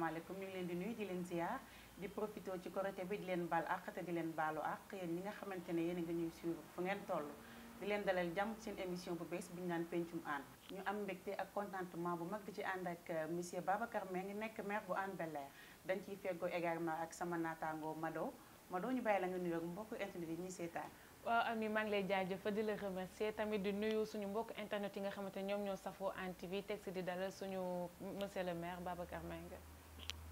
asalaamaaleykum ñu ngi leen di nuyu di leen ziar di profité ci korité bi di leen baal àq te di leen baalu àq yéen nga xamante ne yéen a ngi ñuy suivre fu ngeen toll di leen dalal jàmm seen émission bu bees bi ñu naan pencum Hann ñu am mbégte ak bu mag di ci ànd ak euh, monsieur Babacar Mbengue nekk maire bu Hann dañ ciy feggoo également ak sama naataango Mado Mado ñu bàyyi la nga nuyoog mbokku internet yi ñuy seetaan lay jaajëfal di la di nuyu suñu mbokk internet yi nga xamante ni ñoom ñoo safoo Hann TV teg si di dalal suñu monsieur le maire Babacar Mbengue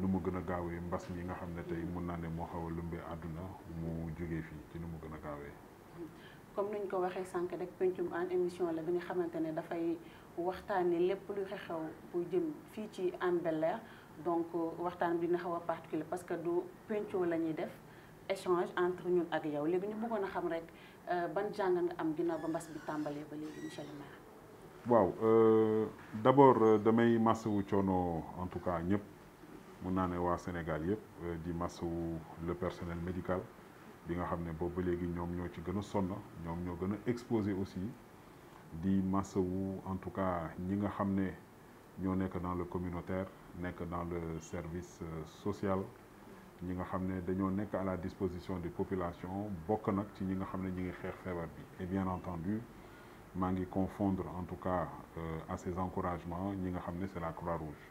nu mu gën a gaawee mbas mi nga xam ne tey mun naa ne moo xaw a lëmbee àdduna mu jógee fii ci nu mu gën a gaawee. comme nuñ ko waxee sànq rek pencum en émission la bi xamante ne dafay waxtaanee lépp luy xew bu jëm fii ci Hann donc waxtaan bi dina xaw a particulier parce que du penco la ñuy def échange entre ñun ak yow léegi ñu bëggoon a xam rek euh, ban jàng nga am ginnaaw ba mbas bi tàmbalee ba léegi monsieur le maire. waaw euh, d'abord euh, damay masawu coono en tout cas ñëpp. mon naa ne Sénégal yëpp euh, di le personnel médical bi nga xam ne boobu ba léegi ñoom ñoo ci gën a sonn exposé aussi di masawu en tout cas ñi nga xam ne ñoo que dans le communautaire que dans le service euh, social ñi nga xam ne dañoo à la disposition des populations bokk nag ci ñi nga xam ne ñi ngi bi et bien entendu mangi confondre en tout cas euh, à ces encouragements ñi nga xam c'est la Croix-Rouge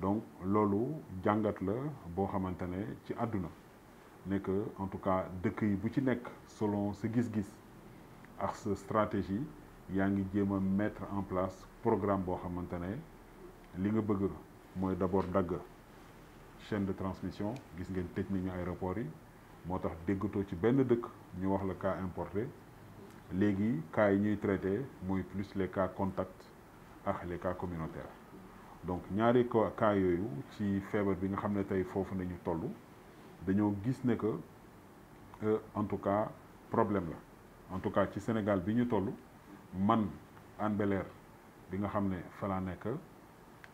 donc lolo, jangat la bo xamante ci aduna ne que en tout cas dëkk yi bu ci nek selon ce gis-gis ak ce stratégie yaa ngi mettre en place programme bo xamante li nga bëgg moy d'abord dagg chaîne de transmission gis ngeen tëj nañu aéroport yi motax déggoto ci benn deuk ñu wax la cas importé légui cas yi ñuy traiter moy plus les cas contact ak les cas communautaires donc ñaari cas yu, ci feebar bi nga xamné tay fofu nañu tollu dañoo gis ne que euh, en tout cas problème la en tout cas ci Sénégal bi ñu man anbeler, bi nga xamné fa laa nekk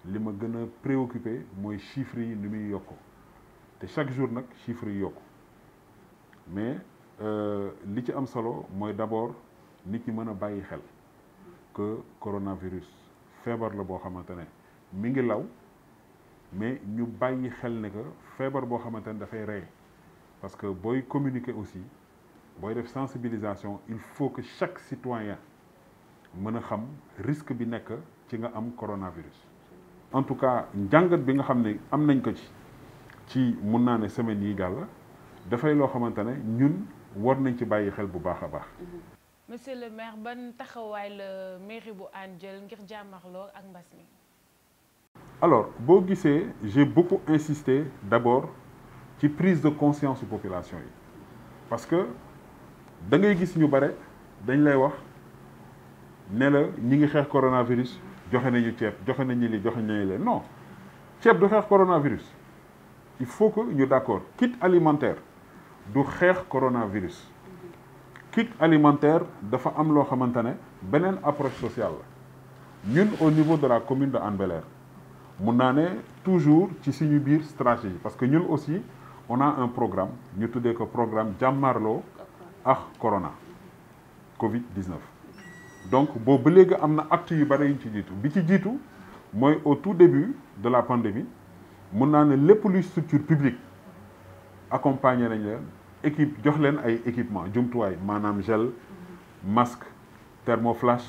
li ma préoccupé mooy chiffres yi ni muy yokku chaque jour nak chiffres yi yokku mais euh, li ci am solo moy d'abord nit ñi mëna bayyi xel que coronavirus feebar la bo xamantene ne mingi law mais ñu bàyyi xel ne que feebar boo xamante ne dafay rey parce que booy communiquer aussi booy def sensibilisation il faut que chaque citoyen mën a xam risque bi nekk ci nga am coronavirus. en tout cas njàngat bi nga xam ne am nañ ko ci ci mun naa ne semaine yi gala dafay loo xamante ne ñun war nañ ci bàyyi xel bu baax a baax. monsieur le maire ban taxawaay la mairie bu Hann ngir jàmmarloo ak mbas mi alors boo gisee j'ai beaucoup insisté d'abord ci prise de conscience su population parce que da ngay gis ñu bare dañ lay wax né la ñi ngi xeex coronavirus joxé nañu ceeb joxé nañu li joxé nañu leen non ceeb du xeex coronavirus il faut que ñu d'accord kit alimentaire du xeex coronavirus kit alimentaire dafa am lo xamante benen approche sociale ñun au niveau de la commune de Hann nous avons toujours ci biir stratégie parce que nous aussi on a un programme ñu avons ko programme Jamarlo ak corona Covid 19. donc si vous voulez am actes yu bëri ci au tout début de la pandémie nous avons les lépp luy structure publique accompagner équipements, leen équipe jox leen ay équipement gel masque thermoflash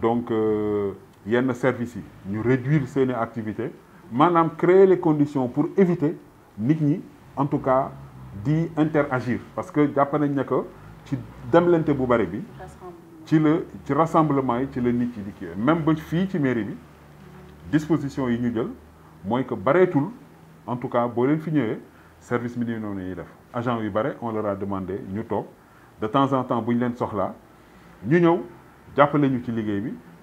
donc. Euh, yenn services yi ñu réduire seeni activité maanaam créer les conditions pour éviter nit ñi en tout cas di interagir parce que jàpp nañ ne que ci demlante bu bari bi ci le ci rassemblement yi ci la nit yi di kiiwee même ba fii ci mairie bi disposition yi ñu jël mooy que bareetul en tout cas boo leen fi ñëwee service minimum ni noonu ñuy def agent yu bare on leur a demandé ñu toog de temps en temps bu ñu leen soxlaa ñu ñëw jàppale ñu ci liggéey bi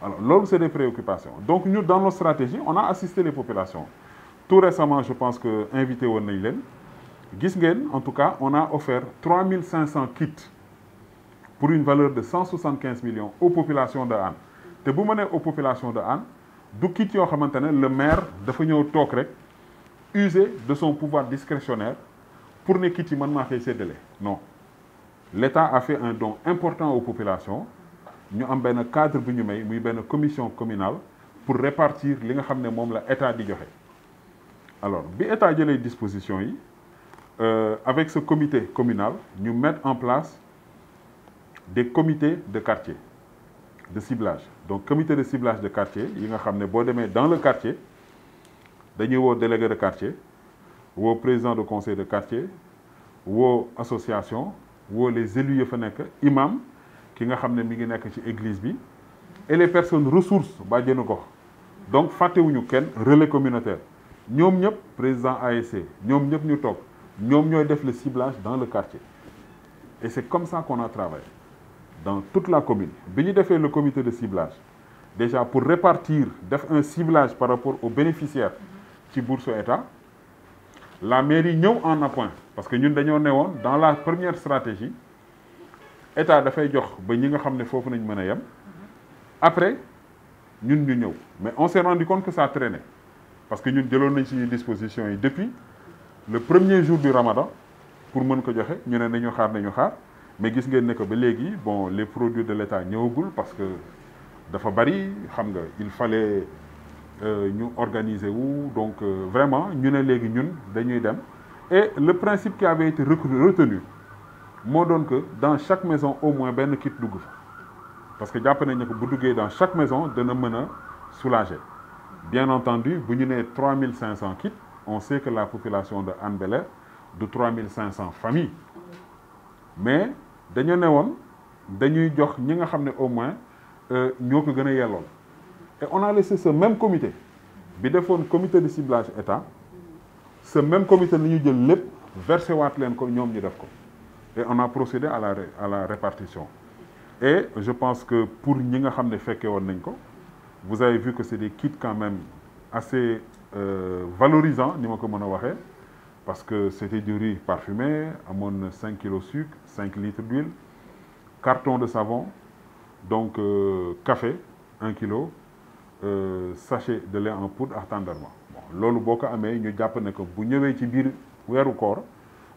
Alors, l'homme, c'est des préoccupations. Donc, nous, dans nos stratégies, on a assisté les populations. Tout récemment, je pense que invité au Gisgen, en tout cas, on a offert 3500 kits pour une valeur de 175 millions aux populations de Han. Et si aux populations de Han, le maire de ñëw tokre usé de son pouvoir discrétionnaire pour ne quitter yi man non l'État a fait un don important aux populations nous avons un cadre bu commission communale pour répartir li nga de l'État la état di alors bi état jëlee disposition euh, avec ce comité communal nous mettre en place des comités de quartier de ciblage donc comité de ciblage de quartier yi nga des dans le quartier dañuy des délégué de quartier des président de conseil de quartier des associations, ou les élus des imams, imam qui, nga xamné mi ngi ci église bi et les personnes ressources faut que donc wuñu ken relais communautaire ñom ñep président ASC ñom ñep ñu toog ñom ñoy def le ciblage dans le quartier et c'est comme ça qu'on a travaillé dans toute la commune bi a fait le comité de ciblage déjà pour répartir def un ciblage par rapport aux bénéficiaires ci bourse état la mairie ñeu en appoint parce que ñun dañu newoon dans la première stratégie état fay jox ba ñi nga xam nañ mëna yam après ñun ñu ñëw mais on s'est rendu compte que ça traînait parce que ñun jëloon nañ ci disposition et depuis le premier jour du ramadan pour mën ko joxé ñu né nañu xaar nañu xaar mais gis ngeen né que ba légui bon les produits de l'état ñëwagul parce que dafa bari xam nga il fallait euh, ñu organiser wu donc euh, vraiment nous ne léegi ñun dañuy dem et le principe qui avait été retenu moo donne que dans chaque maison au moins ben kit dugg parce que japp nañ ko bu dans chaque maison de na a soulager bien entendu bu ñu 3500 kits on sait que la population de anne est de 3500 familles mais dañu ne a dañuy jox ñi nga au moins euh ñoko gëna et on a laissé ce même comité bi comité de ciblage état ce même comité la ñu jël lepp versé wat len ko et on a procédé à la à la répartition et je pense que pour nous, vous avez vu que c'est des kits quand même assez euh, valorisants parce que c'était du riz parfumé 5 kg 5 sucre 5 litres d'huile carton de savon donc euh, café 1 kg, euh, sachet de lait en poudre à tàndarma bon ñu si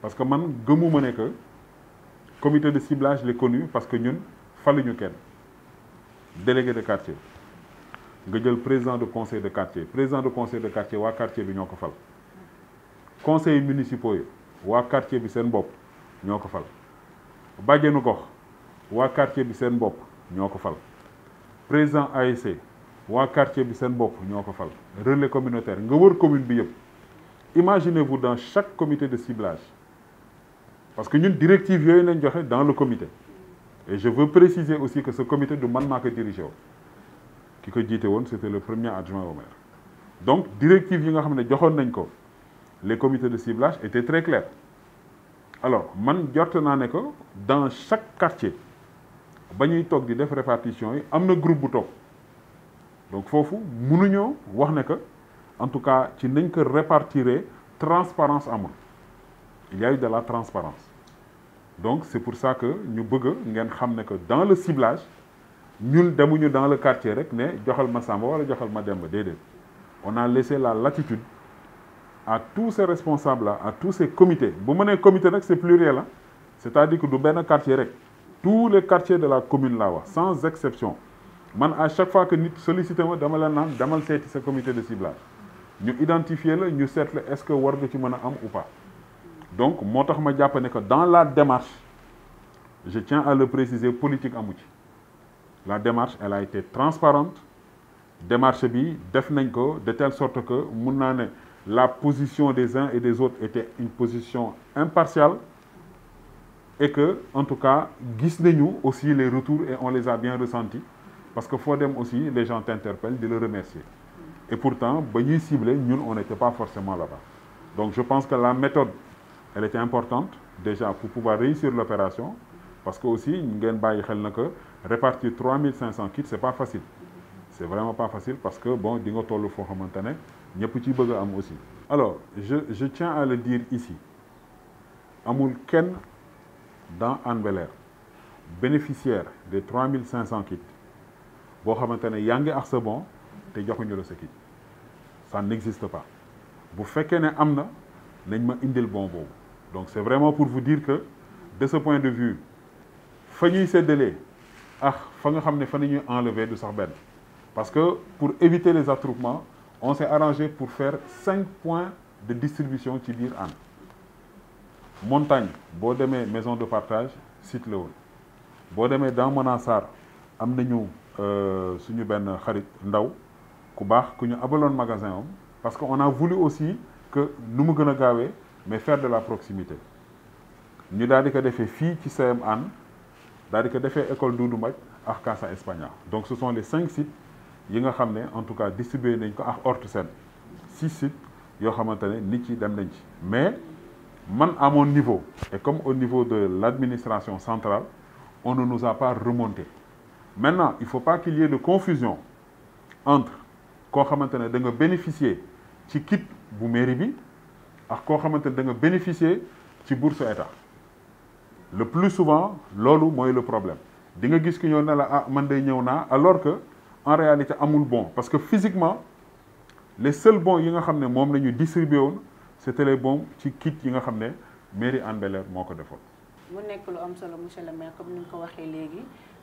parce que man je ne que comité de ciblage est connu parce que ñun faluñu kenn délégué de quartier nga le président de conseil de quartier président de conseil de quartier le quartier bi ñoo fal conseil municipal, c'est le quartier bi nous bopp ñoo de fal c'est quartier bi seen bopp ñoo fal président quartier bi nous bopp relais communautaire nga wër commune imaginez-vous dans chaque comité de ciblage parce que nous directive une nañ dans le comité et je veux préciser aussi que ce comité de manma qui qui dirigé Qui était le premier adjoint au maire donc directive yi nga les comités de ciblage étaient très clairs alors man que dans chaque quartier il y a di répartition y a un groupe Donc, il donc il faut wax ne que en tout cas nous devons ko répartir transparence il y a eu de la transparence donc c'est pour ça que nous voulons que que dans le ciblage ñun dans le quartier rek nous on a laissé la latitude à tous ces responsables à tous ces comités bu ma un comité c'est pluriel hein. c'est-à-dire que du un quartier tous les quartiers de la commune sans exception à chaque fois que nous sollicitons, ma dama un comité de ciblage Nous identifions, nous ñu est-ce que war avez ou pas donc je que dans la démarche je tiens à le préciser politique à Mouti, la démarche elle a été transparente démarche bi def de telle sorte que la position des uns et des autres était une position impartiale et que en tout cas guisneyou aussi les retours et on les a bien ressentis parce que Fodem aussi les gens t'interpellent de le remercier et pourtant ba on n'était pas forcément là-bas donc je pense que la méthode elle était importante déjà pour pouvoir réussir l'opération parce que aussi ngeen xel que répartir 3500 kits c'est n'est pas facile c'est n'est vraiment pas facile parce que bon di nga tollu fo xamantane ñepp ci bëgg am aussi. alors je tiens à le dire ici amul Ken dans Hann bénéficiaire des 3500 kits bo xamantane ne yaa ak sa bon te joxuñu le ce kit ça n'existe pas bu fekké né Amna na nañ ma indil bon bon donc c'est vraiment pour vous dire que de ce point de vue il faut délais, ah fa nga xam parce que pour éviter les attroupements on s'est arrangé pour faire 5 points de distribution montagne maison de partage site le haut. boo dans mon am nous euh, suñu benn xarit ndaw ku baax ku magasin parce qu'on a voulu aussi que nous, nous gën mais faire de la proximité Nous avons fait des filles qui ci CM Hann de di ko écoles école Doudou Mbaj donc ce sont les cinq sites yi nga ramené en tout cas distribué nañ six sites qui ont ne nit dem mais à mon niveau et comme au niveau de l'administration centrale on ne nous a pas remonté maintenant il ne faut pas qu'il y ait de confusion entre qu'on a ne da nga bénéficier ci kit mairie ak koo xamante ne da nga bénéficier ci bourse état le plus souvent loolu mooy le problème di nga gis ki ñëw ne la ah man day ñëw naa alors que en réalité amul bon parce que physiquement les seuls bons yi nga xam ne moom la ñu distribué woon c'était les bons ci kit yi nga xam ne mairie Hann Bel-Air moo ko defoon. mu nekk lu am solo monsieur le maire comme ni nga ko waxee léegi.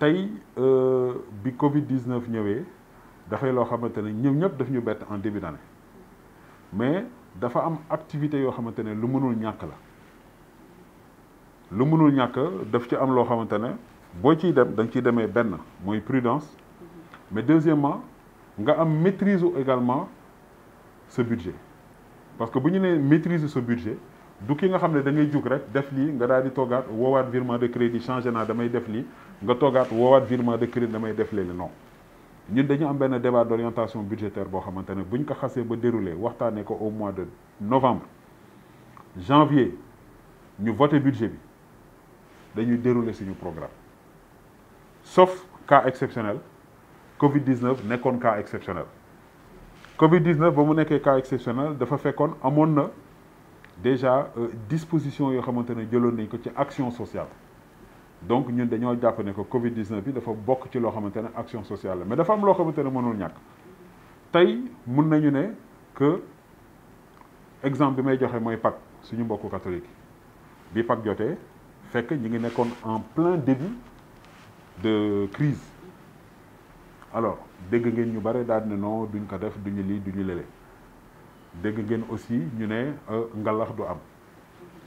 Tay euh, bi Covid 19 ñëwee da fay lo ne ñoom ñëpp daf ñu bét en début d'année mais dafa am activité yo xamante lu mënul ñak la lu mënul ñak daf ci am lo xamante bo ci dem da nga ciy demee benn prudence mais deuxièmement nga am maîtrise également ce budget parce que buñu né maîtrise ce budget du ki nga xamné ne da ngay jug rek def li nga daal di toogaat woowaat virement de crédit changé naa damay def lii nga toogaat woowaat virement de crédit damay def léegi non ñun dañu am benn débat d'orientation budgétaire boo xamante ne bu ñu ko xasee ba déroulé waxtaanee ko au mois de novembre janvier ñu voter budget bi dañuy dérouler suñu programme sauf cas exceptionnel Covid 19 nekkoon cas exceptionnel. Covid 19 ba mu nekkee cas exceptionnel dafa fekkoon amoon na déjà euh, disposition yoo xamante ne jëloon nañ ko ci action sociale donc ñun dañoo jàpp ne que Covid 19 bi dafa bokk ci loo xamante ne action sociale la mais dafa am loo xamante ne mënul ñàkk tey mun nañu ne que exemple bi may joxe mooy Pâques suñu mbokku catholique bi Pâques jotee fekk ñi ngi nekkoon en plein début de crise alors dégg ngeen ñu bare daal ne non duñ ko def duñu lii duñu lële dégg ngeen aussi ñu ne euh, ngalax du am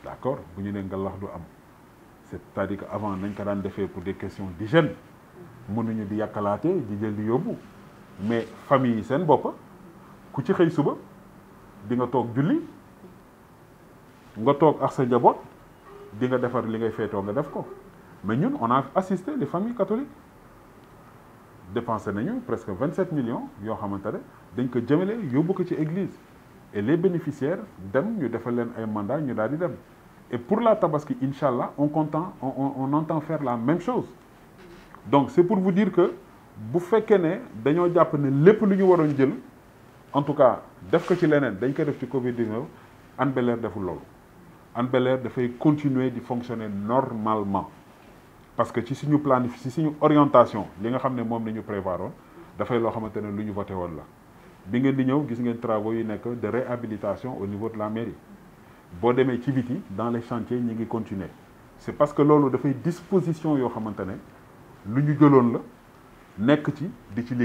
d'accord bu ñu ne ngalax du am c'est-à-dire avant nañ fait daan pour des questions d'hygiène mënuñu di yàkkalaate di jël di yóbbu mais famille c'est seen bopp ku ci xëy suba di nga toog julli nga tok ak sa njaboot di nga défar li ngay feetoo nga def ko mais ñun on a assisté les familles catholiques dépensé nañu presque 27 millions yo xamantane dañ ko jëmelé yobbu ko ci église et les bénéficiaires dem ñu defal leen ay mandat ñu daal di dem et pour la tabaski, Inch'Allah, on, on, on, on, entend faire la même chose. Donc c'est pour vous dire que, vous faites que nous avons fait en tout cas, def ko ci leneen dañ faire def ci Covid 19 Hann Bel-Air deful loolu Hann Bel-Air continuer de fonctionner normalement parce que ci suñu planifie, ci suñu orientation li nga xam ne moom la ñu prévoir woon dafay loo xamante ne lu voté woon la bi ngeen di ñëw gis ngeen travaux yi nekk de réhabilitation au niveau de la mairie boo demee ci biti dans les chantiers ñi ngi continuer c'est parce que loolu dafay disposition yo xamante ne lu ñu jëloon la nekk ci di ci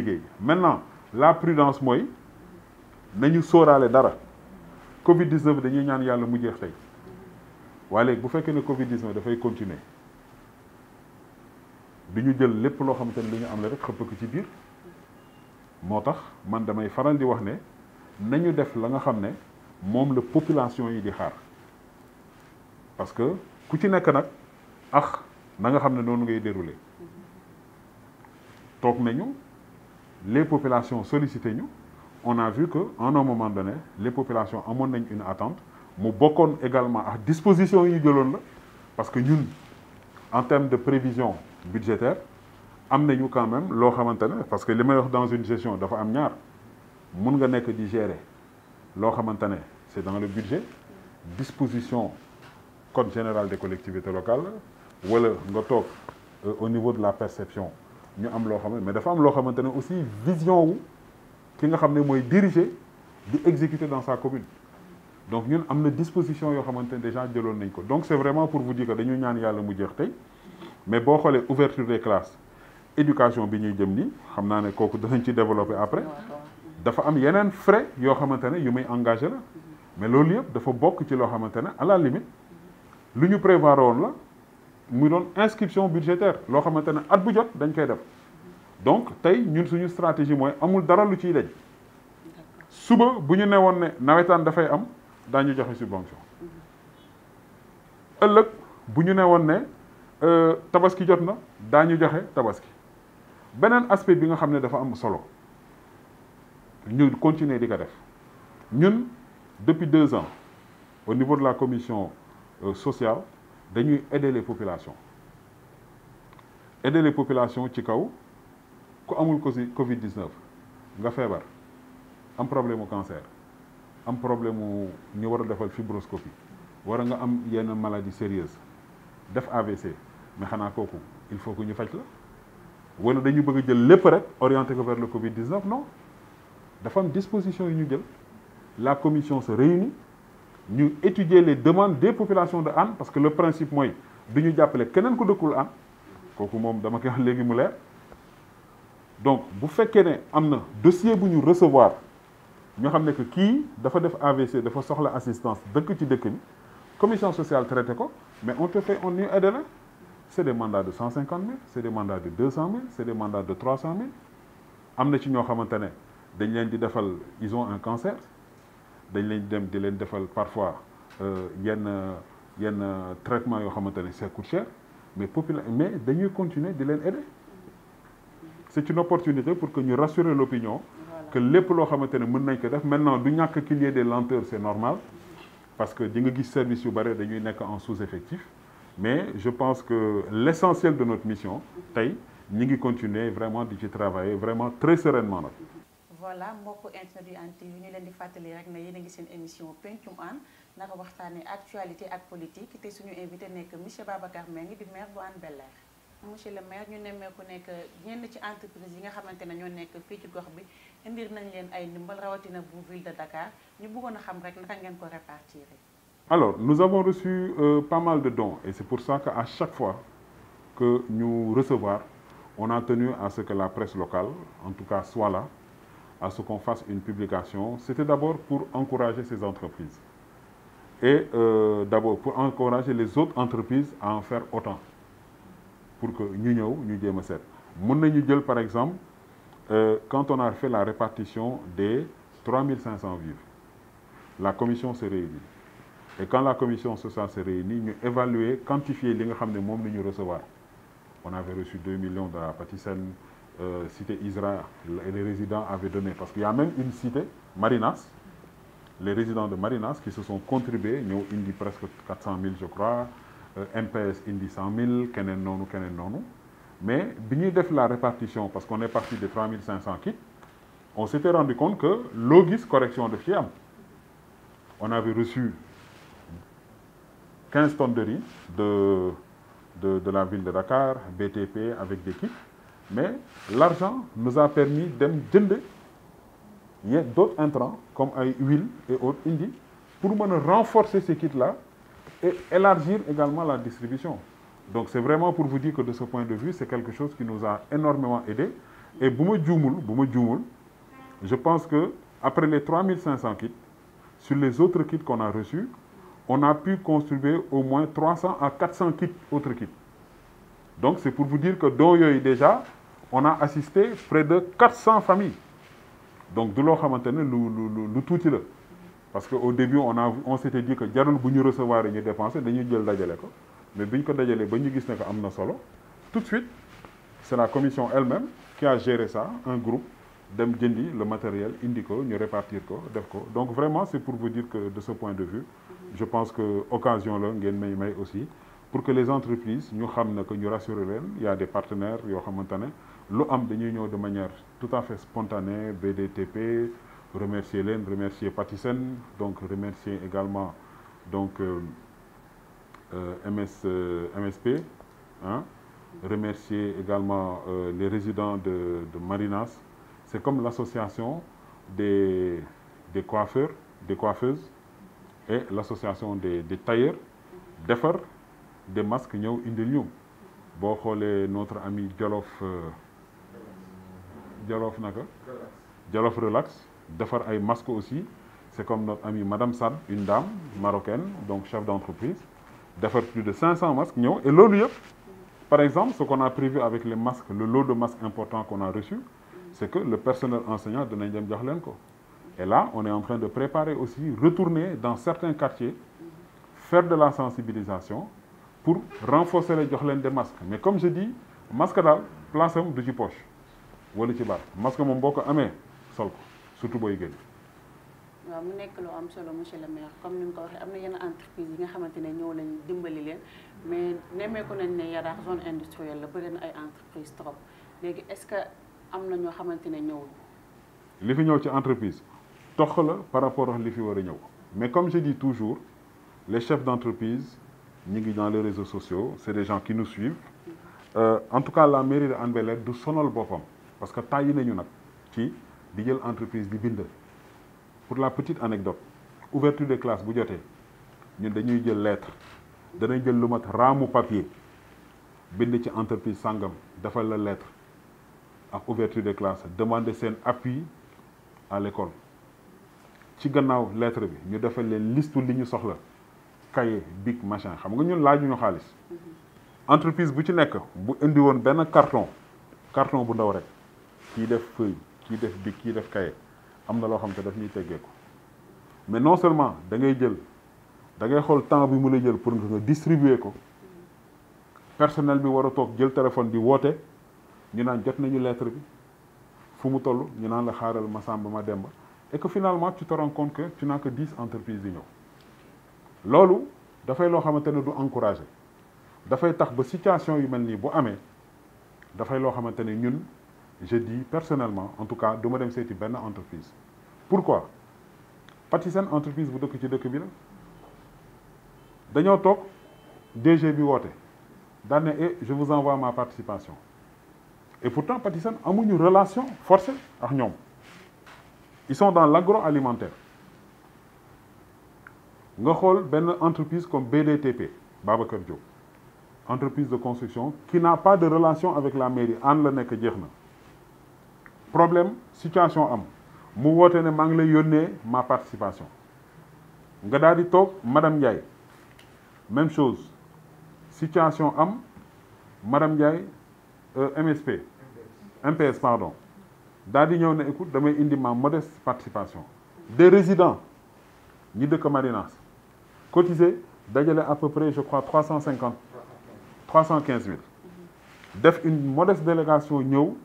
maintenant la prudence mooy nañu les dara Covid 19 dañuy ñaan yàlla mu jeex tey waaye vous bu que le Covid 19 dafay continuer du jël lépp loo xamante ne lu am la rek xëpp ko ci biir moo tax man damay faral di wax ne nañu def la nga xam ne. Même la population yi di parce que ku ci nekk nag nga les populations sollicité ñu on a vu que en un moment donné les populations ont une attente mu bokkoon également à disposition yi parce que en termes de prévision budgétaire quand même parce que les dans une gestion dafa am ñaar mun nga dans le budget disposition code général des collectivités locales ou nga euh, au niveau de la perception Nous avons mais dafa am loo aussi vision qui nous nga dirigée exécutée exécuter dans sa commune donc nous avons une disposition déjà de donc c'est vraiment pour vous dire que nous avons une mu mais mais bon, l'ouverture ouverture des classes éducation bi ñuy jëm après. développer après dafa am des frais qui est engagé mais loolu yëpp dafa bokk ci loo xamante ne à la limite lu ñu prévoir woon la muy doon inscription budgétaire loo xamante ne at bu jot dañ koy def donc tey ñun suñu stratégie mooy amul dara lu ciy daj suba bu ñu newoon ne nawetaan dafay am daañu joxe subvention ëllëg bu ñu newoon ne euh, tabaski jot na daañu joxe tabaski beneen aspect bi nga xam ne dafa am solo ñu continuer di ko def ñun depuis deux ans au niveau de la commission euh, sociale nous aider les populations aider les populations ci kaw ku le Covid 19 nga feebar am problème au cancer un problème où ñu war la fibroscopie war a une maladie sérieuse def AVC mais il faut que ñu fassions la wala dañu bëgg jël orienté vers le Covid 19 non dafa une disposition une ñu la commission se réunit, nous étudions les demandes des populations de Han, parce que le principe, moi, de nous appeler Kenan Koudokul Han, donc, si vous faites un dossier que nous recevoir, nous savons que qui a fait AVC, a fait l'assistance de la commission sociale traite, mais on te fait un aide là. C'est des mandats de 150 000, c'est des mandats de 200 000, c'est des mandats de 300 000. Nous savons que les gens ils ont un cancer, dañ il dem di un parfois euh, yenn traitement qui xamante coûte cher mais popula mais dañuy continuer di leen aider c'est une opportunité pour que nous rassurer l'opinion que les loo xamante ne nañ maintenant du ñàkk qu'il y ait des lenteurs c'est normal parce que di nga gis service yu dañuy en sous-effectif mais je pense que l'essentiel de notre mission tey de continuer vraiment di travailler vraiment très sereinement voilà mbokku internet en TV ñu leen di fàttali rek na yéne ngi seen émission pencum an naka waxtané actualité ak politique té suñu invité nek monsieur Babacar Mbengue di maire bu Hann bel monsieur le maire ñu némé ko nek ñenn ci entreprise yi nga xamanté na ñoo nek fi ci gox bi indir nañ leen ay ndimbal rawatina bu ville de Dakar ñu bëggoon xam rek naka ngeen ko répartir. alors nous avons reçu euh, pas mal de dons et c'est pour ça que à chaque fois que nous recevoir on a tenu à ce que la presse locale en tout cas soit là à ce qu'on fasse une publication, c'était d'abord pour encourager ces entreprises. Et euh, d'abord pour encourager les autres entreprises à en faire autant. Pour que nous nous nous par exemple, euh, quand on a fait la répartition des 3500 vivres, la commission se réunit. Et quand la commission sociale se réunit, nous évaluer, quantifier les gens qui nous recevoir. On avait reçu 2 millions de la pâtisserie, euh, cité Israël, les résidents avaient donné, parce qu'il y a même une cité, Marinas, les résidents de Marinas qui se sont contribués, nous indi presque 400 000 je crois, euh, MPS indi 100 000, Kenen Nonou, Kenen Nonou. Mais, nous la répartition, parce qu'on est parti de 3500 kits, on s'était rendu compte que logis correction de Fiam, on avait reçu 15 tonnes de riz de, de la ville de Dakar, BTP avec des kits, mais l'argent nous a permis dem d'autres intrants comme ay et autres indies, pour renforcer ces kits là et élargir également la distribution donc c'est vraiment pour vous dire que de ce point de vue c'est quelque chose qui nous a énormément aidé et bu me je pense que après les 3500 kits sur les autres kits qu'on a reçus on a pu construire au moins 300 à 400 kits autres kits donc c'est pour vous dire que dans est déjà on a assisté près de 400 familles donc nous, loo xamante lu lu lu parce qu'au début on s'était dit que si on ne recevoir yi ñu nous dañuy jël mais si on les dajalee on tout de suite c'est la commission elle-même qui a géré ça un groupe dem le matériel indi nous ñu répartir donc vraiment c'est pour vous dire que de ce point de vue je pense que occasion là, aussi pour que les entreprises nous xam ne ñu il y a des partenaires L'OAM am dañuy de manière tout à fait spontanée BDTP remercier LEN, remercier Patisson, donc remercier également donc euh, euh, MSP euh, hein, remercier également les résidents de Marinas c'est comme l'association des coiffeurs des coiffeuses et l'association des des tailleurs des masques ñëw indi ñu nous. notre ami Jalof. Djalof Naga, relax defar ay masques aussi c'est comme notre amie Madame Sad une dame marocaine donc chef d'entreprise defar plus de 500 masques et l'eau lieu, par exemple ce qu'on a prévu avec les masques le lot de masques important qu'on a reçu c'est que le personnel enseignant de dem Djahlenko. et là on est en train de préparer aussi retourner dans certains quartiers faire de la sensibilisation pour renforcer les Djahlen des masques mais comme je dis masque la place du poche wala ci baat masque moom boo ko amee sol ko surtout booy génn. waaw mu nekk loo am solo monsieur le maire comme ni mu ko waxee am na yenn entreprise yi nga xamante ne ñëw lañ dimbali leen mais nemmeeku nañ ne yaraax zone industrielle la bëri na ay entreprise trop léegi est-ce que am na ñoo xamante ne ñëwul. li fi ñëw ci entreprise tox la par rapport ak li fi war a ñëw mais comme je dis toujours les chefs d'entreprise ñi ngi dans les réseaux sociaux c'est des gens qui nous suivent euh, en tout cas la mairie de Hann du sonal boppam parce que tàyyi nañu nag ci di jël entreprise di bind pour la petite anecdote ouverture de classe bu joté ñun dañuy jël lettre danañ jël lu mat raamu papier bind ci entreprise Sangam, defal la lettre ak ouverture de classe demander seen appui à l'école ci gannaaw lettre bi ñu defal leen liste li ñu soxla cahier bic machin xam nga ñun laajuñu xaalis mm-hmm. entreprise bu ci nekk bu indi woon benn carton carton bu ndaw rek kii def feuille kii def bi def mais non seulement da ngay jël da ngay temps bi mu jël pour nga distribuer ko personnel bi war a jël téléphone di woote ñu naan jot nañu lettre bi fu mu toll ñu la xaaral ma et que finalement tu te rends compte que tu n'as que dix entreprises di loolu dafay loo xamante ne du encouragé dafay tax ba situation yu mel bu je dis personnellement en tout cas de ma c'est une une entreprise pourquoi Patissier, entreprise vous êtes de Vous la dañoo DG bi eh, je vous envoie ma participation et pourtant a une relation forcée avec nous. ils sont dans l'agroalimentaire nga avons une entreprise comme BDTP Babacar entreprise de construction qui n'a pas de relation avec la mairie Anne la problème situation am mu woote ne maa ngi ma participation nga daal di madame Ndiaye même chose situation am madame Ndiaye euh, MSP MPS pardon daal di ñëw de écoute damay indi ma modeste participation des résidents ni de Marinas cotisé d'ailleurs à peu près je crois 350, 315 000. trois une modeste délégation nous,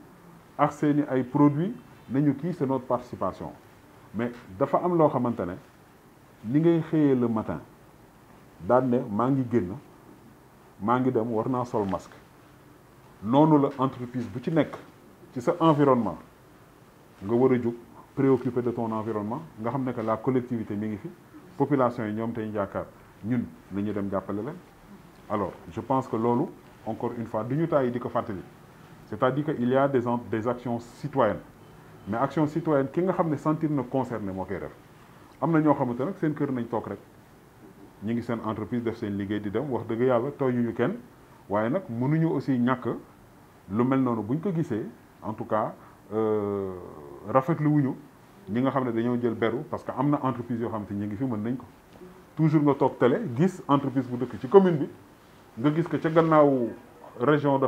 ak seeni ay produits nañu kii c'est notre participation mais dafa am loo xamante li ngay xëyee le matin daan ne maa ngi génn maa ngi dem war sol masque noonu la entreprise bu ci nekk ci sa environnement nga war a préoccupé de ton environnement nga xam que la collectivité mi ngi fi population yi ñoom tey yaakaar ñun nañu dem jàppale leen alors je pense que loolu encore une fois du ñu tàyyi di ko fàttali c'est-à-dire qu'il y a des actions citoyennes mais actions citoyennes, qui ne sentir mon Nous def nañ rek ngi entreprise def seen di dem wax aussi ñàkk lu mel noonu buñ ko en tout cas euh, rafetlu wuñu ñi parce que am entreprise yoo xam ngi fi toujours nga télé entreprise bu dëkk ci commune que région de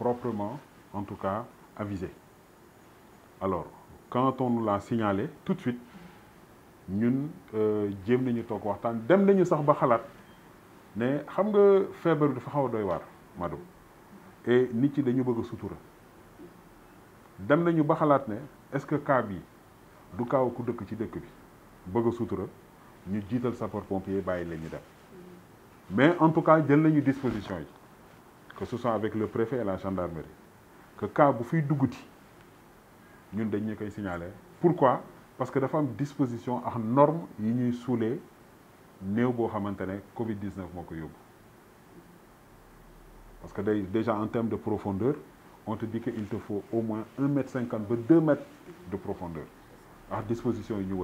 proprement, en tout cas, avisé. Alors, quand on nous l'a signalé, tout de suite, nous euh, avons nañu toog waxtaan dem nañu sax ba ne xam nga xaw doy et Nous ci dañu bëgg dem est-ce que nous bi du nous ku Nous ci dëkk bi bëgg mais en tout cas avons nañu disposition que ce soit avec le préfet et la gendarmerie que cas vous fiy dugguti ñun dañ ñu signaler pourquoi parce que dafa am disposition énorme norme yi ñuy suulee néew Covid 19 parce que déjà en termes de profondeur on te dit qu'il te faut au moins 1,50 m 2 m mètres de profondeur à disposition de ñu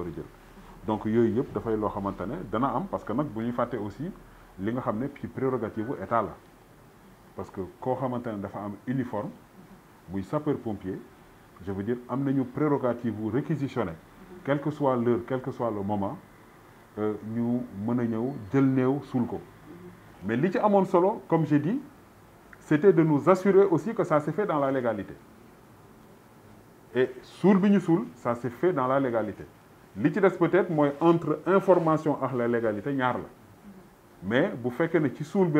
donc il y dafay loo xamante dana parce que nous, bu aussi li nga prérogatives parce que quand on un dafa uniforme un sapeur pompier je veux dire am nañu prérogative ou réquisitions, quel que soit l'heure quel que soit le moment nous euh, menons a ñëw jël néew mais li à mon solo comme j'ai dit c'était de nous assurer aussi que ça s'est fait dans la légalité et sur le ça s'est fait dans la légalité Ce qui peut-être entre information et la légalité ñaar la mais bu que ne ci suul bi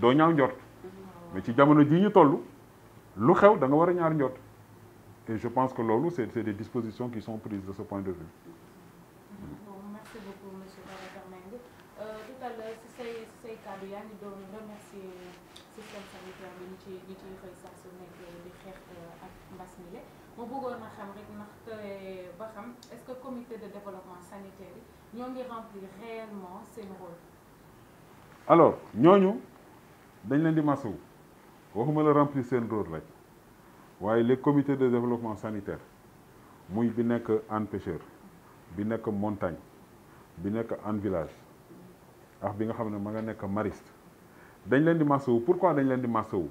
doo ñaaw njort mais ci jamono jii ñu toll lu xew da nga war ñaar njort et je pense que loolu c'est c'est des dispositions qui sont prises de ce point de vue. bon merci beaucoup monsieur Babacar Mbengue euh, tout à l'heure si say say kàddu yaa ngi doon remercier système sanitaire bi ñu ci ñu ciy xëy sax su nekk di xeex euh, ak mbas mi la ma bëggoon xam rek ndax euh, ba xam est-ce que comité de développement sanitaire yi ñoo ngi remplir réellement seen rôles alors ñooñu dañ leen di masawu waxuma la remplir seen rôle rek waaye les comités de développement sanitaire muy bi nekk en pêcheur bi nekk montagne bi nekk en village ak bi nga xam ne ma nga nekk mariste dañ leen di masawu pourquoi dañ leen di masawu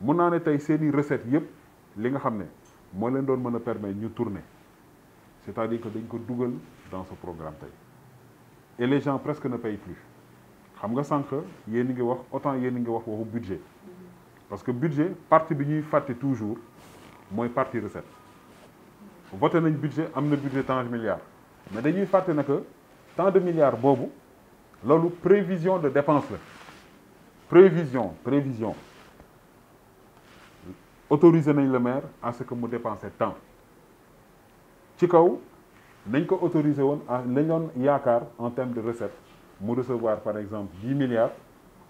mun naa ne tey seen i recettes yépp li nga xam ne moo leen doon mën a permettre ñu tourner c'est-à-dire que dañ ko dugal dans ce programme tey et les gens presque ne payent plus xam nga sànq yéen ngi wax autant yéen ngi wax waxu budget parce que budget partie bi ñuy fàtte toujours mooy partie recette voté nañ budget am na budget tant de milliards mais dañuy fàtte na que tant de milliards boobu loolu prévision de dépenses, la prévision prévision autorisé nañ le maire à ce que mu dépenser tant ci kaw nañ ko autorisé woon à lañ doon yaakaar en termes de recette pour recevoir par exemple 10 milliards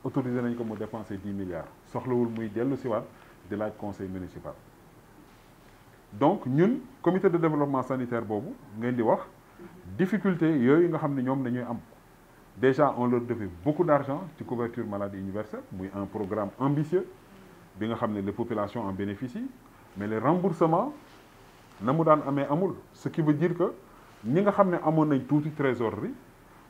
autoriser nañ ko dépenser 10 milliards soxlawul muy dellu siwaat de laaj conseil municipal donc ñun comité de développement sanitaire bobu ngeen di wax difficulté yooyu nga xam ñom dañuy déjà on leur devait beaucoup d'argent ci couverture maladie universelle muy un programme ambitieux bi les populations en bénéficient mais les remboursements na daan amé ce qui veut dire que ñi nga des amours trésorerie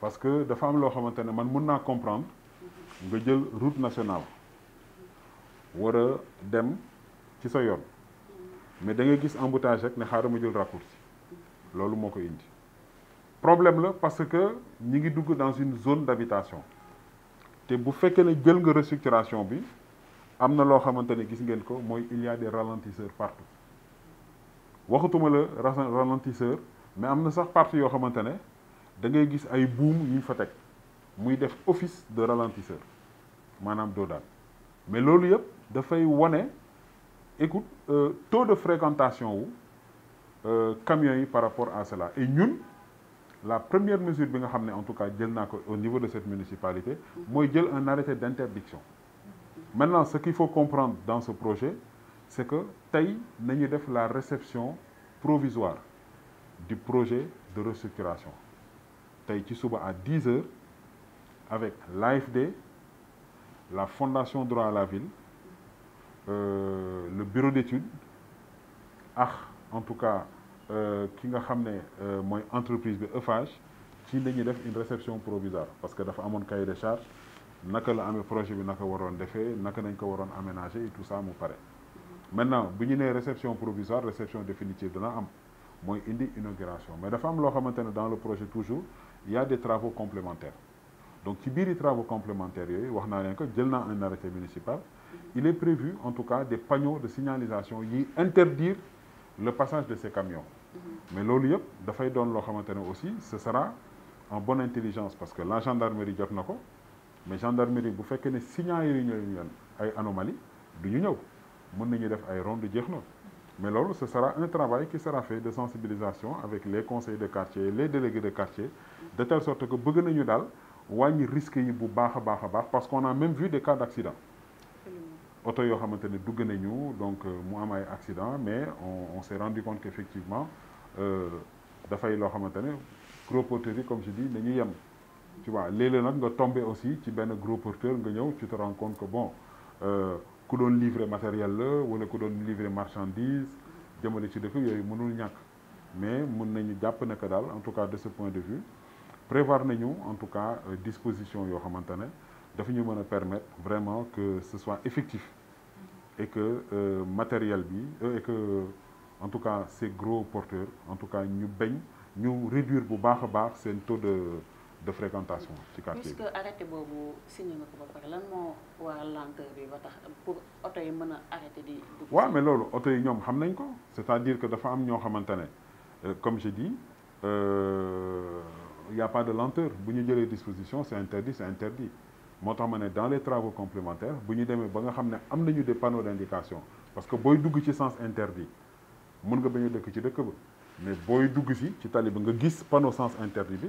parce que dafa am lo xamantene man mun naa comprendre nga jël route nationale wara dem ci sa yoon mais da nga gis embouteillage ak ne xaaral jël raccourci lolu moko indi problème la parce que ñi ngi dugg dans une zone d'habitation té bu féké né jël nga restructuration bi amna lo xamantene gis ngeen ko moy il y a des ralentisseurs partout waxatuma le ralentisseur mais amna sax partie yo xamantene da ngay gis ay boom, fa teg muy def office de ralentisseur maanaam doo daan mais loolu yëpp dafay écoute euh, taux de fréquentation wu euh, camions yi par rapport à cela et nous, la première mesure que nous avons en tout cas au niveau de cette municipalité c'est jël un arrêté d'interdiction maintenant ce qu'il faut comprendre dans ce projet c'est que tey nañu def la réception provisoire du projet de restructuration qui ci suba à 10 h avec l'AFD la fondation droit à la ville euh, le bureau d'études ah en tout cas qui euh, nga xam euh, mon entreprise de efage qui a fait une réception provisoire parce que dafa un cahier de charge naka la projet bi naka waroon defee naka nañ ko waroon aménager et tout ça me paraît. maintenant vous ñu une réception provisoire réception définitive dana am a, indi inauguration mais dafa am loo maintenant dans le projet toujours il y a des travaux complémentaires donc ci les travaux complémentaires il y rien un arrêté municipal il est prévu en tout cas des panneaux de signalisation qui interdire le passage de ces camions mm-hmm. mais ce yëpp dafay doon aussi ce sera en bonne intelligence parce que la gendarmerie jot na mais mais gendarmerie bu faites que signal yi ñu leen ay anomalie du ñu mais ce sera un travail qui sera fait de sensibilisation avec les conseils de quartier, les délégués de quartier, de telle sorte que nous de risque parce qu'on a même vu des cas d'accident. Auto yo xamantene dugg nañu donc euh, mu accident mais on, s'est rendu compte qu'effectivement euh da fay lo gros porteur comme je dis dañu yem tu vois lélé nak nga tomber aussi ci un gros porteur nga tu te rends compte que bon euh, ku doon livrer matériel ou wala ku marchandises livrer marchandise mais en tout cas de ce point de vue prévoir en tout cas euh, disposition permettre vraiment que ce soit effectif et que euh, matériel euh, et que en tout cas ces gros porteurs en tout cas nous réduire bu taux de de fréquentation ci quartier bi. puisque arrêté bobu signé nga ko ba pare lan mo wa lenteur bi ba tax pour auto yi mën a arrêté di. wa mais lolu auto yi ñom xam nañ ko c'est-à-dire que dafa am ño xamante euh, comme je dis euh, il y a pas de lenteur buñu jëlé disposition c'est interdit c'est interdit moo tax dans les travaux complémentaires buñu ñu ba nga xamné am nañu des panneaux d'indication parce que boy dugg ci sens interdit mën nga bañu dëkk ci dëkk ba mais boy dugg si ci tali bi nga gis panneau sens interdit bi.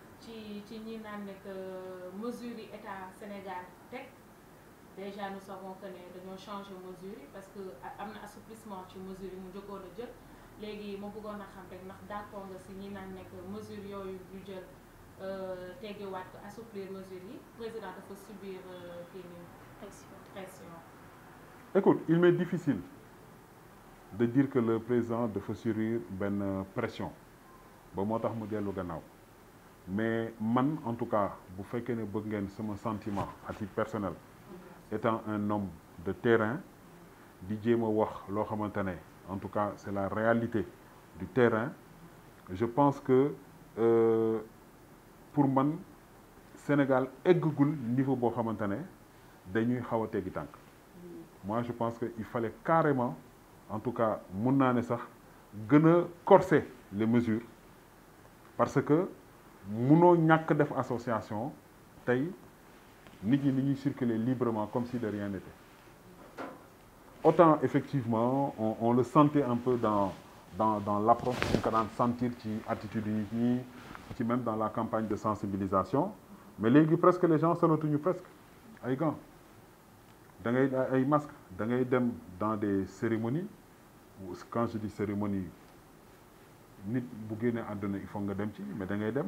ci ci mesures Sénégal déjà nous savons que nous changé changer mesures parce que am un assouplissement ci mesures yi mu njëkkoon a jël léegi ma bëggoon a xam avons ndax d'accord nga que mesures yooyu ñu pour assouplir les assouplir mesures Le président doit subir une euh, pression écoute il m'est difficile de dire que le président doit subir une pression ba moo tax mu dellu gannaaw mais man en tout cas bu faites ne sentiment à titre personnel étant un homme de terrain DJ en tout cas c'est la réalité du terrain je pense que euh, pour le Sénégal Google niveau boo xamante moi je pense qu'il fallait carrément en tout cas mun corser les mesures parce que nous n'y def association tay nit ñi librement comme si de rien n'était autant effectivement on, le sentait un peu dans dans dans l'approche on sentir attitude même dans la campagne de sensibilisation mais presque les gens se presque ay gants da ngay ay masques dans des cérémonies quand je dis cérémonie nit bu guéné àdduna il faut nga dem ci mais da ngay dem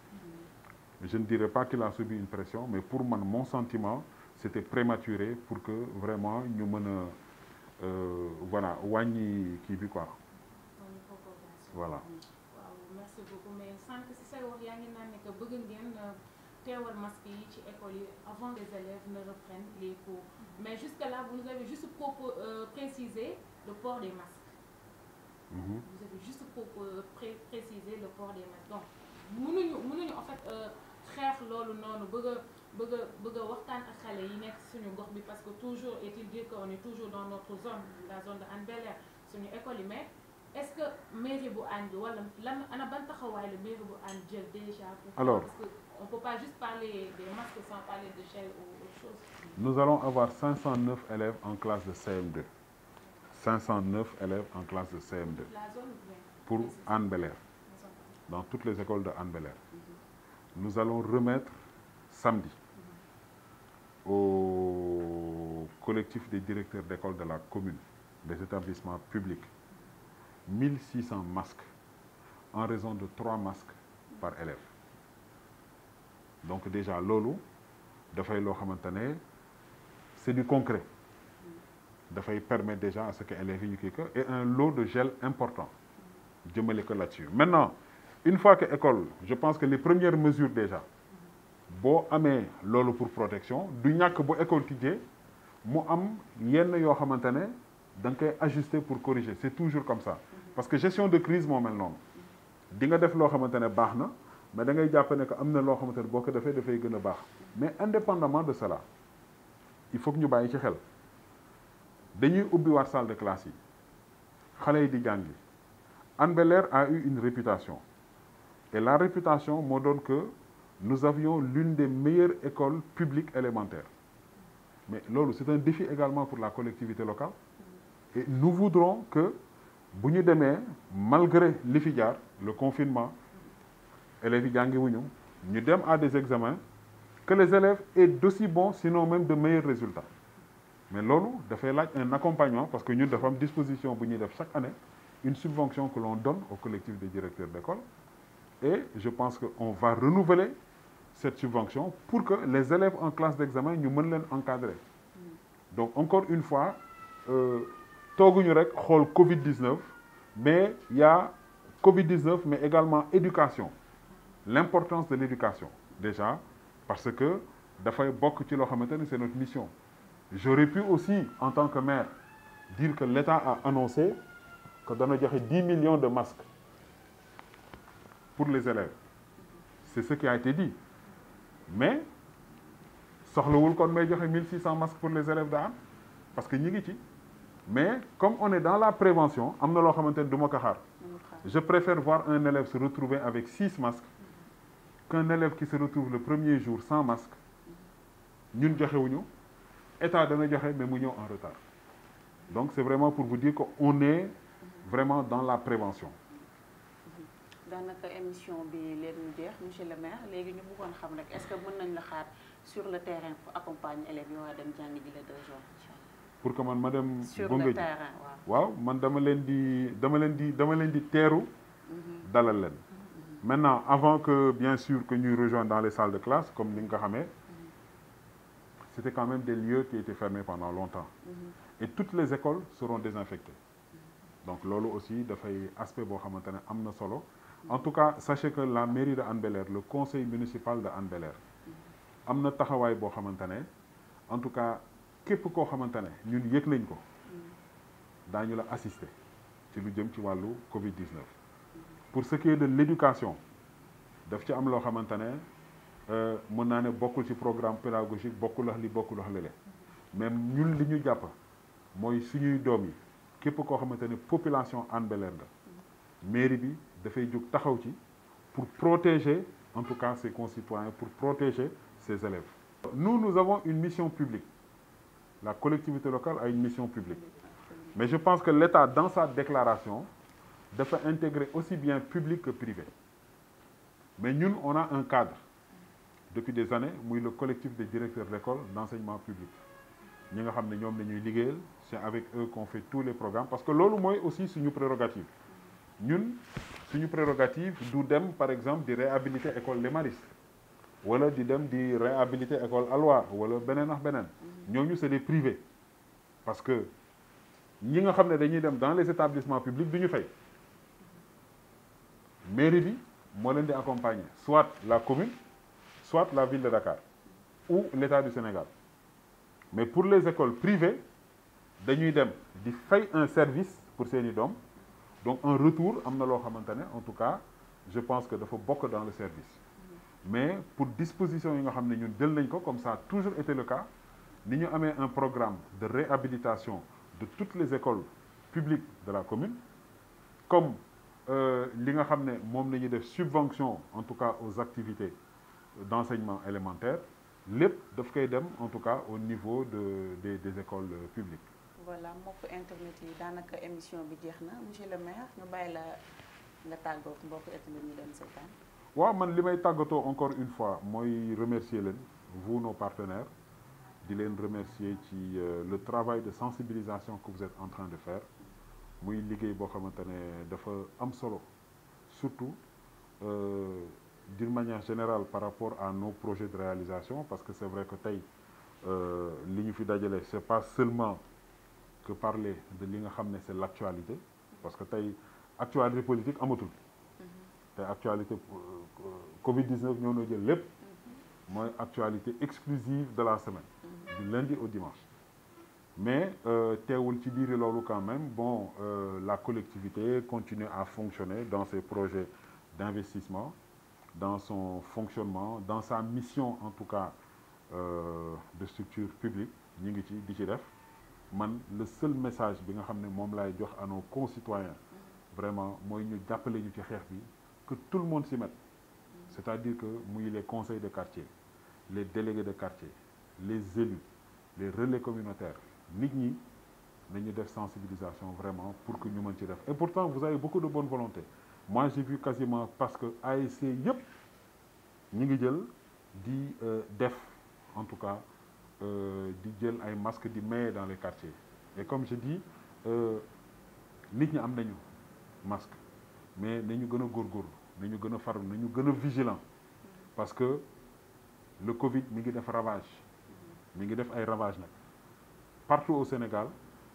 je ne dirais pas qu'il a subi une pression mais pour moi, mon sentiment c'était prématuré pour que vraiment nous menions. Euh, voilà wani qui vit quoi voilà merci beaucoup mais sans que ça, wax rien que bëgg ngeen euh, teewal masque ci école les élèves ne reprennent les cours mais jusque là vous nous avez juste euh, précisé le port des masques mm-hmm. vous avez juste précisé le port des masques donc nous en fait xeex loolu noonu bëgg a bëgg a bëgg a waxtaan ak xale yi nekk suñu gox bi parce que toujours est-il dire que on est toujours dans notre zone la zone de Hann suñu école yi mais est-ce que mairie bu andi wala lan ana ban taxawaay la mairie bu andi déjà alors on peut pas juste parler des masques sans parler de gel ou autre chose nous allons avoir 509 élèves en classe de CM2 509 élèves en classe de CM2 pour Anne dans toutes les écoles de Anbeler nous allons remettre samedi au collectif des directeurs d'école de la commune, des établissements publics, 1600 masques en raison de 3 masques par élève. Donc déjà, lolo, c'est du concret. Il permet déjà à ce que l'élève et un lot de gel important. de me là-dessus. Maintenant, une fois que école je pense que les premières mesures déjà boo amee l'eau pour protection du ñàkk bu pas, tijjee mu am yenn yoo xamante des choses nga ajuster pour corriger c'est toujours comme ça parce que gestion de crise moo mel noonu di nga def loo xamante ne des choses, mais da ngay jàpp ne que am na loo xamante ne boo ko defee de faire mais indépendamment de cela il faut que nous bàyyi ci xel dañuy la salle de classe yi xale yi di jàngi Hann a eu une réputation et la réputation me donne que nous avions l'une des meilleures écoles publiques élémentaires. Mais c'est un défi également pour la collectivité locale. Et nous voudrons que, bon, demain, malgré l'IFIGAR, le confinement, élèves nous demain à des examens, que les élèves aient d'aussi bons, sinon même de meilleurs résultats. Mais lolo, de faire un accompagnement, parce que nous avons une disposition chaque année, une subvention que l'on donne au collectif des directeurs d'école. Et je pense qu'on va renouveler cette subvention pour que les élèves en classe d'examen nous encadrer donc encore une fois euh, tooguñu rek Covid 19 mais il y a Covid 19 mais également éducation l'importance de l'éducation déjà parce que c'est notre mission. j'aurais pu aussi en tant que maire dire que l'État a annoncé que dans joxe 10 millions de masques les élèves c'est ce qui a été dit mais soxlawul kon may 1600 masques pour les élèves d'armes, parce que ñi mais comme on est dans la prévention de je préfère voir un élève se retrouver avec six masques qu'un élève qui se retrouve le premier jour sans masque ñun état dana mais en retard donc c'est vraiment pour vous dire qu'on est vraiment dans la prévention dans notre émission bi leen monsieur le maire léegi ñu bëggoon xam est-ce que mën nañ la xaar sur le terrain pour accompagner élèves yi waa dem jàng le deux jours pour que man ma dem le ji waaw man dama leen di dama leen di dama mm-hmm. mm-hmm. maintenant avant que bien sûr que ñuy dans les salles de classe comme ni nga mm-hmm. c'était quand même des lieux qui étaient fermés pendant longtemps et toutes les écoles seront désinfectées donc loolu aussi dafay aspect boo xamante ne am solo en tout cas sachez que la mairie de Hann le conseil municipal de Hann Bel-Air am na en tout cas képp ko xamantane, ñun yek lañ ko Dañu la assister ci lu jëm ci walu Covid 19. pour ce qui est de l'éducation, daf ci am lo xamantane euh mëna né bokul ci programme pédagogique bokul li bokul wax lële mais ñun li ñu japp moy suñuy doom yi képp ko xamantane population Hann bel la mairie bi de faire pour protéger en tout cas ses concitoyens pour protéger ses élèves. Nous, nous avons une mission publique. La collectivité locale a une mission publique. Mais je pense que l'État, dans sa déclaration, doit intégrer aussi bien public que privé. Mais nous, on a un cadre. Depuis des années, où le collectif des directeurs d'école d'enseignement public. Nous savons que c'est avec eux qu'on fait tous les programmes. Parce que c'est aussi une prérogative. Nous, une prérogative du par exemple de réhabiliter l'école des maristes wala réhabiliter l'école Alwa ou Benen ak Nous, Nous c'est des privés parce que nous nga que dans les établissements publics nous faisons fay mairie bi accompagner soit la commune soit la ville de Dakar ou l'État du Sénégal mais pour les écoles privées nous dem di un service pour ces enfants donc un retour en tout cas je pense qu'il faut beaucoup dans le service mais pour disposition comme ça a toujours été le cas nous avons un programme de réhabilitation de toutes les écoles publiques de la commune comme euh, nous avons des subventions, en tout cas aux activités d'enseignement élémentaire l'Ep en tout cas au niveau des écoles publiques voilà mbokk internet yi daanaka émission monsieur le maire ñu bàyyi la nga tàggoo mbokk internet ñu doon seetaan. waaw man li encore une fois je remercie remercie, vous nos partenaires Je remercie remercier euh, le travail de sensibilisation que vous êtes en train de faire muy vous remercie solo surtout euh, d'une manière générale par rapport à nos projets de réalisation parce que c'est vrai que ce euh, n'est pas seulement que parler de li c'est l'actualité parce que une actualité politique en mm-hmm. tey actualité Covid-19 nous a jël C'est l'actualité mm-hmm. exclusive de la semaine mm-hmm. du lundi au dimanche mais euh, tu quand même bon euh, la collectivité continue à fonctionner dans ses projets d'investissement dans son fonctionnement dans sa mission en tout cas euh, de structure publique Ningiti, ngi le seul message que nga xamné mom à nos concitoyens vraiment moy ñu nous ñu ci que tout le monde s'y mette c'est-à-dire que les conseils de quartier les délégués de quartier les élus les relais communautaires nit ñi nañu def sensibilisation vraiment pour que nous mën et pourtant vous avez beaucoup de bonne volonté moi j'ai vu quasiment parce que ASC yëpp ñi ngi jël euh, def en tout cas euh, di a ay masque de maye dans les quartiers et comme je dis euh, nous avons am masque mais nous avons des góorgóorlu nous avons des farlu nous vigilant parce que le Covid mi fait def ravage Il ngi def ay ravage partout au Sénégal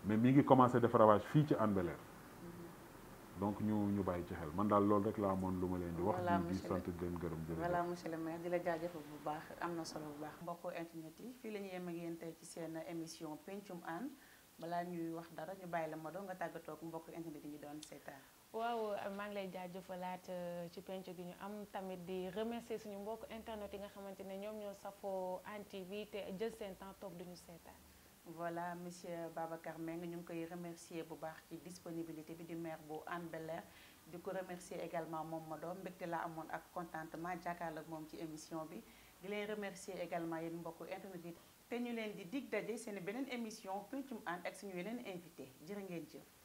mais mi ngi commencé def ravage fii ci en bel donc ñu ñu bàyyi ci xel man daal loolu rek laa amoon lu ma leen di wax di di sant di leen gërëm jërëjëf voilà monsieur le maire di la bu baax am solo bu baax mbokku internet yi fii la ñu yem ak yéen ci seen émission pencum Hann balaa ñuy wax dara ñu bàyyi la Mado nga tàggatoo ak mbokku internet yi ñu doon seetaan waaw maa ngi lay jaajëfalaat euh, ci penc gi ñu am tamit di remercier suñu mbokk internet yi nga xamante ne ñoom ñoo safoo Hann TV jël seen temps toog duñu seetaan voilà monsieur Babacar Meng ñu ngi koy remercier bu baax ci disponibilité bi di maire bu Hann bel remercier également moom ma doom mbégte laa amoon ak contentement jàkkaarloo ak moom ci émission bi di remercier également yéen mbokk internet yi te ñu leen di dig daje seen beneen émission pencum Hann ak suñu invité jërë ngeen